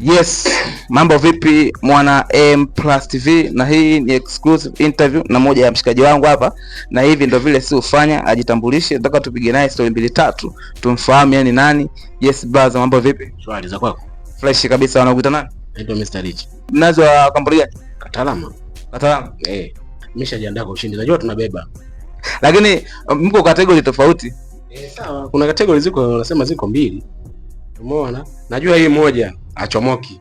Yes, mambo vipi mwana M+ Plus TV, na hii ni exclusive interview na moja ya mshikaji wangu hapa, na hivi ndio vile si ufanya ajitambulishe, nataka tupige naye story mbili tatu tumfahamu yani nani. Yes brother, mambo vipi? Shwari za kwako? Fresh kabisa. Wanakuita nani? Naitwa Mr Rich. Mnazo wa kampuni gani? Katalama. Katalama. Eh. Nimeshajiandaa kwa ushindi. Najua tunabeba. Lakini mko category tofauti. Eh, sawa. Kuna category ziko, unasema ziko mbili. Umeona? Najua hii moja achomoki.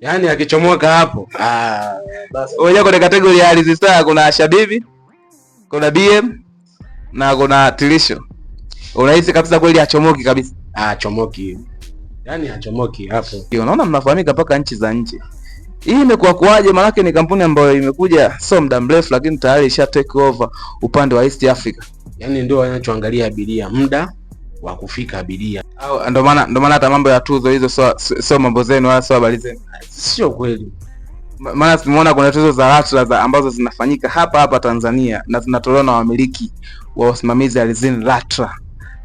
Yaani akichomoka hapo, ah basi. Wewe kwenye category ya Alizee Star kuna Shabibi, kuna BM na kuna Tilisho. Unahisi kabisa kweli achomoki kabisa? Ah, achomoki. Yaani achomoki hapo. Hiyo Unaona mnafahamika mpaka nchi za nje. Hii imekuwa kuaje? Maanake ni kampuni ambayo imekuja so muda mrefu, lakini tayari isha take over upande wa East Africa. Yaani ndio wanachoangalia abiria muda wa kufika abiria. Ndio maana ndio maana hata mambo ya tuzo hizo sio sio mambo zenu wala sio habari zenu, sio kweli. Maana tumeona kuna tuzo za za ambazo zinafanyika hapa hapa Tanzania na zinatolewa na wamiliki wa wasimamizi alizini LATRA.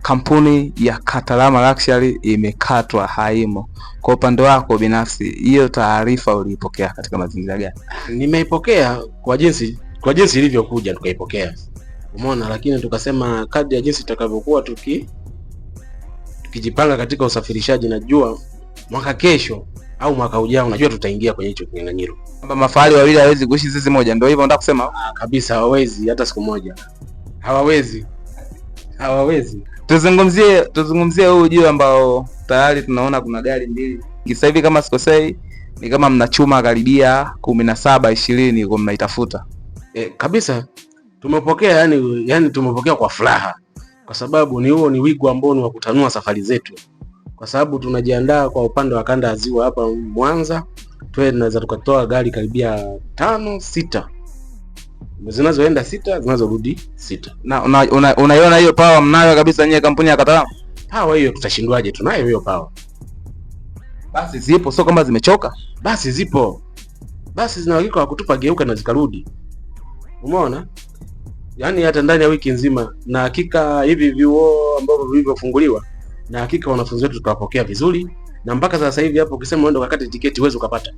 Kampuni ya Katalama Luxury imekatwa, haimo. Kwa upande wako binafsi, hiyo taarifa uliipokea katika mazingira gani? Nimeipokea kwa jinsi kwa jinsi ilivyokuja, tukaipokea umeona, lakini tukasema kadri ya jinsi tutakavyokuwa tuki tukijipanga katika usafirishaji, najua mwaka kesho au mwaka ujao, najua tutaingia kwenye hicho kinyang'anyiro. Kwamba mafahali wawili hawezi kuishi zizi moja, ndio hivyo nataka kusema ah, kabisa, hawawezi hata siku moja, hawawezi hawawezi. Tuzungumzie tuzungumzie huu ujio ambao tayari tunaona kuna gari mbili sasa hivi, kama sikosei ni kama mnachuma karibia kumi na saba ishirini huko mnaitafuta. E, kabisa tumepokea yani, yani tumepokea kwa furaha kwa sababu ni huo ni wigo ambao ni wa kutanua safari zetu, kwa sababu tunajiandaa kwa upande wa kanda ya ziwa hapa Mwanza, tuwe tunaweza tukatoa gari karibia tano sita zinazoenda sita zinazorudi sita. Na unaiona una, una hiyo pawa mnayo kabisa nyewe kampuni ya Katalam. Pawa hiyo tutashindwaje? Tunayo hiyo pawa. Basi zipo, sio kama zimechoka. Basi zipo, basi zina uhakika wa kutupa geuka na zikarudi. Umeona? yani hata ndani ya wiki nzima, na hakika hivi vyuo ambavyo vilivyofunguliwa, na hakika wanafunzi wetu tutawapokea vizuri, na mpaka sasa hivi hapo ukisema uende ukakate tiketi uweze ukapata,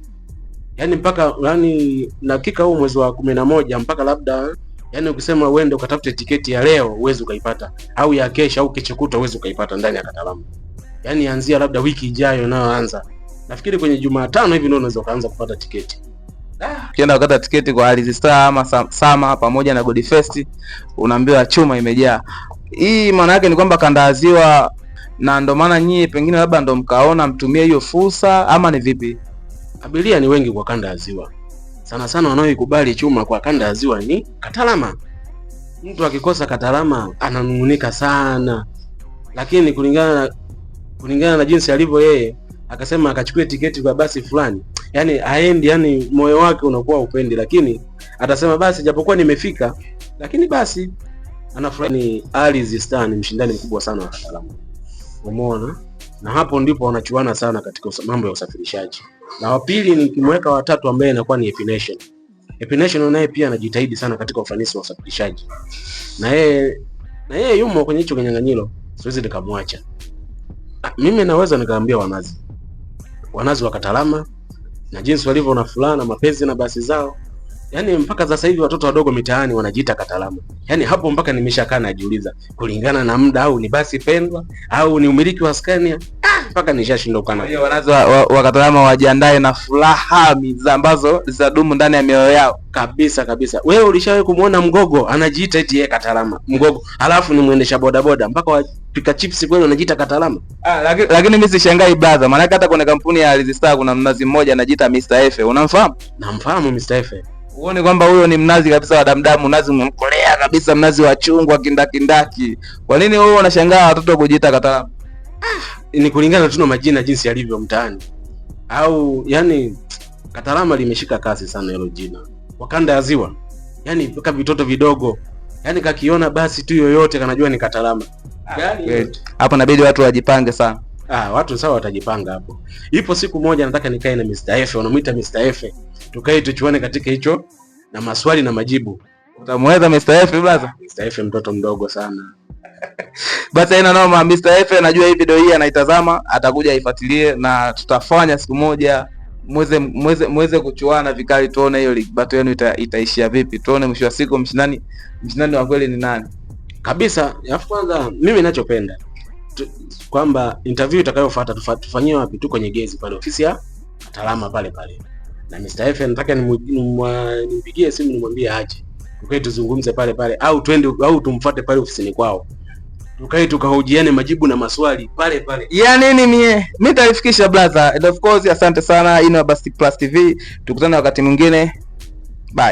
yani mpaka yani, na hakika huu mwezi wa kumi na moja mpaka labda yani ukisema uende ukatafute tiketi ya leo uweze ukaipata, au ya kesho au kesho kutwa uweze ukaipata ndani ya Katalamu, yani anzia labda wiki ijayo inayoanza, nafikiri kwenye Jumatano hivi ndio unaweza ukaanza kupata tiketi. Ukienda kukata tiketi kwa Alizi Star ama Sama pamoja na Godfest unaambiwa chuma imejaa. Hii maana yake ni kwamba kanda ya Ziwa, na ndo maana nyie pengine labda ndo mkaona mtumie hiyo fursa ama ni vipi? Abiria ni wengi kwa kanda ya Ziwa, sana sana wanaoikubali chuma kwa kanda ya Ziwa ni Katalama. Mtu akikosa Katalama ananung'unika sana, lakini kulingana na kulingana na jinsi alivyo yeye, akasema akachukue tiketi kwa basi fulani yani haendi, yani moyo wake unakuwa upendi, lakini atasema basi, japokuwa nimefika, lakini basi anafurahi. Ni Ali Zistan ni mshindani mkubwa sana wa Katalumu, umeona, na hapo ndipo wanachuana sana katika mambo ya usafirishaji. Na wa pili nikimweka watatu ambaye inakuwa ni Epination. Epination naye pia anajitahidi sana katika ufanisi wa usafirishaji, na yeye na yeye yumo kwenye hicho kinyang'anyiro, siwezi nikamwacha mimi. Naweza nikaambia wanazi wanazi wa Katalama na jinsi walivyo na furaha na mapenzi na basi zao yani mpaka sasa hivi watoto wadogo mitaani wanajiita katalamu. Yani hapo mpaka nimeshakaa najiuliza, kulingana na muda au ni basi pendwa au ni umiliki wa Scania? Ah, mpaka nishashindwa kana. Hiyo wanazo wakatalama wa, wa wajiandae na furaha ambazo zitadumu ndani ya mioyo yao kabisa kabisa. Wewe ulishawahi kumwona mgogo anajiita eti yeye Katalama mgogo, alafu ni mwendesha bodaboda mpaka wapika chips kweli anajiita Katalama? Ah, lakini lakini mimi sishangai brother, maana hata kuna kampuni ya Alizistar kuna mnazi mmoja anajiita Mr Efe. unamfahamu? Namfahamu Mr Efe uone kwamba huyo ni mnazi kabisa wa damdamu, mnazi umemkolea kabisa, mnazi wa chungwa kindakindaki. Kwa nini wewe unashangaa watoto kujiita kataalamu? Ah, ni kulingana tu na majina jinsi yalivyo mtaani, au yani Katarama limeshika kasi sana hilo jina. Wakanda ya Ziwa, yani mpaka vitoto vidogo, yani kakiona basi tu yoyote kanajua ni Katarama. Ah, yaani, Hapa inabidi watu wajipange sana. Ah, watu sawa watajipanga hapo. Ipo siku moja nataka nikae na Mr. Efe, wanamuita Mr. Efe. Tukae tuchuane katika hicho na maswali na majibu. Utamweza Mr. Efe ah, blaza? Mr. Efe mtoto mdogo sana. Basi haina noma, Mr. Efe najua hii video hii anaitazama, atakuja aifuatilie na tutafanya siku moja mweze mweze mweze kuchuana vikali, tuone hiyo league battle yenu ita, itaishia vipi, tuone mwisho wa siku mshindani mshindani wa kweli ni nani kabisa. Alafu kwanza mimi ninachopenda kwamba interview itakayofuata tufanyie wapi? kwenye gezi pale ofisi ya TALAMA pale pale, na Mr. F nataka nimpigie simu nimwambie aje tukae tuzungumze pale pale, au twende au tumfuate pale ofisini kwao tukae tukahojiane majibu na maswali pale pale ya nini. Mie nitaifikisha brother, and of course, asante sana. ina Basic Plus TV, tukutane wakati mwingine, bye.